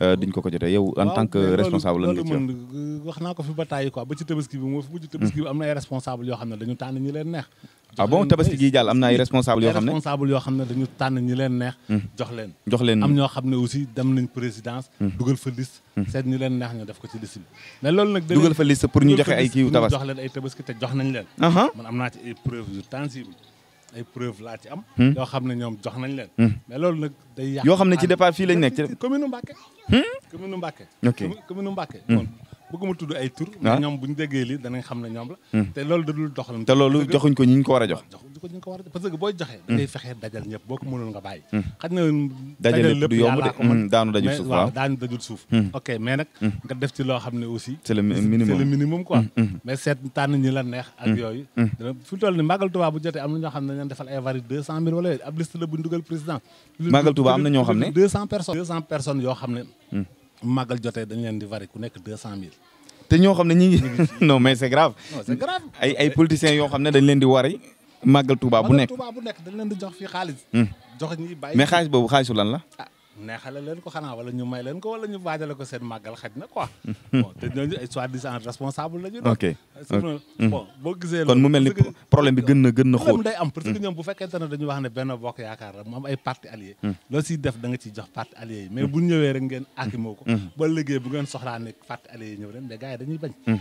Euh, dañ ko ko jotee yow en tant que responsable lan nga ci wax ko fi ba tàyyi quoi ba ay responsable yoo xam ne dañu tànn ñi leen neex ah bon hmm. am ñoo xam ne aussi dem nañ présidence hmm. dugal fa liste hmm. seet ñi leen neex ñu def ko ci liste bi mais loolu nag dugal fa liste pour ñu joxe ay kiiw tabaski te jox nañ leen man am naa ci preuve yu ay preuve laa ci am. Hmm? yoo xam ne ñoom jox nañ leen. Hmm. mais loolu nag day yàq. yoo xam ne ci départ fii lañ nekk ci. commune Mbacké. Hmm? commune Mbacké. ok commune Mbacké. kon bëgguma tudd ay tur. waaw ah. ñoom bu ñu déggee lii danañ xam ne ñoom la. te loolu da dul doxal. te loolu joxuñ ko ñi ñu ko war a jox. ko ñu ko war a parce que booy joxe. Mm. day fexee boo ko mënoon nga bàyyi. Mm. xaj na dajal lépp de mm, daanu dajul suuf ok mais nag nga def ci loo xam ne aussi. c'est le minimum c'est le minimum quoi. mais seet tànn ñi la neex. ak yooyu. dana toll nii Magal Touba bu jotee am na ñoo ne dañu leen defal ay vari deux cent mille wala yooyu ab liste la bu dugal président. Magal Touba am na ñoo ne deux cent personnes. yoo xam ne. Magal jotee dañu leen di vari ku nekk deux cent mille. te ñoo ne ñi ngi mais c'est grave yoo xam ne dañ leen di wari màggal Touba bu nekk Touba bu nekk dañ leen di jox fii xaalis. Hmm. jox ñuy bàyyi mais xaalis boobu xaalisu lan la. ah neexale leen ko xanaa wala ñu may leen ko wala ñu waajale ko seen màggal xaj na quoi. Hmm. bon te la ñu. ok hmm. boo gisee. kon mu mel ni gën na gën na xóot. day am parce que ñoom bu fekkente wax ne benn bokk yaakaar la ay parti allié. loo siy def da nga ciy jox parti allié yi mais bu ñëwee rek ngeen akimoo ko. ba liggéey bu ngeen soxlaa ne parti allié yi ñëw rek mais gars yi dañuy bañ